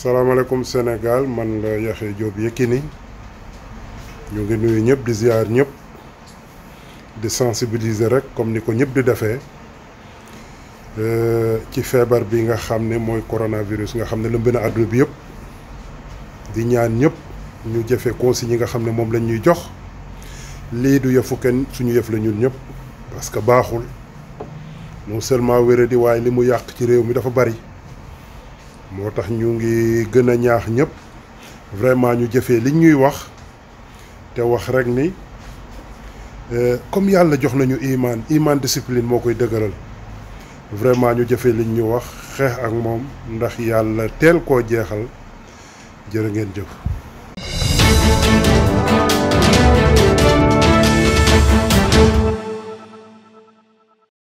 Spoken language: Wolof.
salaamaaleykum Sénégal man la Yaxya Diop Yékini ñu ngi nuyu ñëpp di ziar ñëpp di sensibiliser rek comme ni ko ñëpp di defee euh, ci feebar bi nga xam ne mooy coronavirus nga xam ne lëmb na àdduna bi yëpp di ñaan ñëpp ñu jëfe consignes ñi nga xam ne moom lañ ñuy jox lii du yëfu kenn suñu yëf la ñun ñëpp parce que baaxul non seulement wéré waaye li mu yàq ci réew mi dafa bari moo tax ñu ngi gën a ñaax ñëpp vraiment ñu jëfee liñ ñuy wax te wax rek ni euh, comme yàlla jox nañu imaan imaan discipline moo koy dëgëral vraiment ñu jafee liñ ñu wax xeex ak moom ndax yàlla teel koo jeexal jërë ngeen jëf